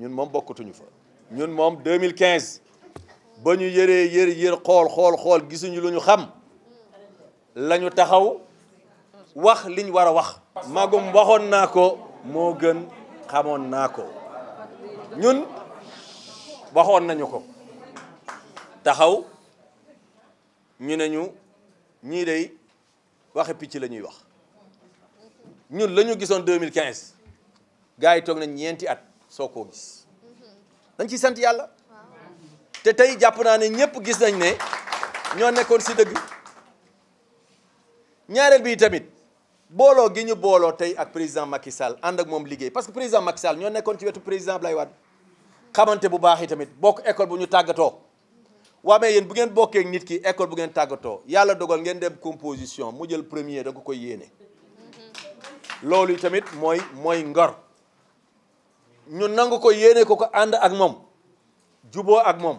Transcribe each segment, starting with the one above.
ñun moom bokkatuñu fa ñun moom 2015 ba ñu yëree yër yër xool xool xool gisuñu lu ñu xam la ñu taxaw wax liñ war a wax magum waxoon naa ko moo gën xamoon naa ko ñun waxoon nañu ko taxaw ñu ne ñu ñii day waxe picc la ñuy wax ñun lañu ñu gisoon 2015 gars yi toog nañ ñeenti at soo koo gis dañ ci sant yàlla te tey jàpp naa ne ñëpp gis nañ ne ñoo nekkoon si dëgg ñaareel bi tamit booloo gi ñu booloo tey ak président Macky Sall ànd ak moom liggéey parce que président Macky Sall ñoo nekkoon ci wetu président Abdoulaye Wade xamante bu baax yi tamit bokk école bu ñu tàggatoo waa mais yéen bu ngeen bokkee nit ki école bu ngeen tàggatoo yàlla dogal ngeen dem composition mu jël premier da ko koy yéene loolu tamit mooy mooy ngor. ñu nangu ko yéene ko ko ànd ak moom juboo ak moom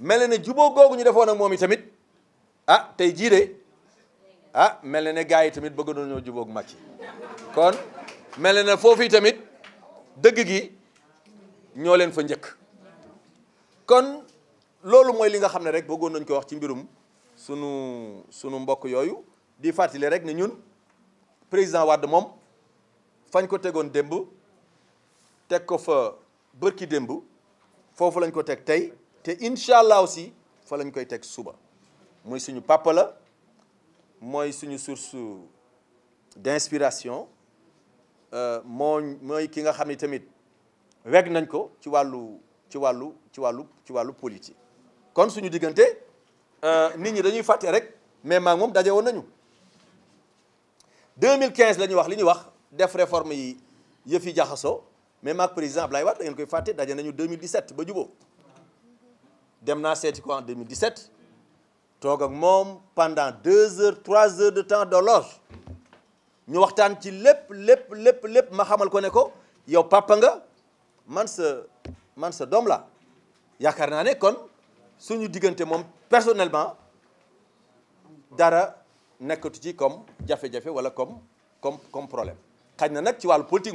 mel na ne juboo googu ñu defoon ak moom i tamit ah tey jii de ah mel na ne gars yi tamit bëgg nañoo juboo ak Macky kon mel na ne foofu tamit dëgg gi ñoo leen fa njëkk kon loolu mooy li nga xam ne rek bëggoon nañ ko wax ci mbirum sunu sunu mbokk yooyu di fàttali rek ne ñun président Wade moom fañ ko tegoon démb teg ko fa bërki démb foofu lañ ko tek tay te inshallah aussi fa lañ koy tek suba moy suñu papa la moy suñu source d'inspiration euh moy ki nga xamni tamit weg nañ ko ci walu ci walu ci walu ci walu politique kon suñu digënté euh nit ñi dañuy faté rek mais ma moom dajé won nañu 2015 la wax li ñuy wax def réforme yi yëf jaxaso mais par président ngeen koy 2017 ba djubo dem en 2017 pendant deux heures trois heures de temps d'horloge ñu waxtaan ci lepp lepp lepp lepp ma xamal ko ne ko yow papa nga man la kon suñu digënté mom personnellement dara nekkatu ci comme jafé wala comme comme comme problème a politique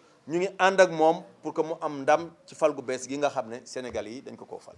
ñu ngi ànd ak moom pour que mu am ndam ci fal gu bees gi nga xam ne Sénégal yi dañ ko koo fal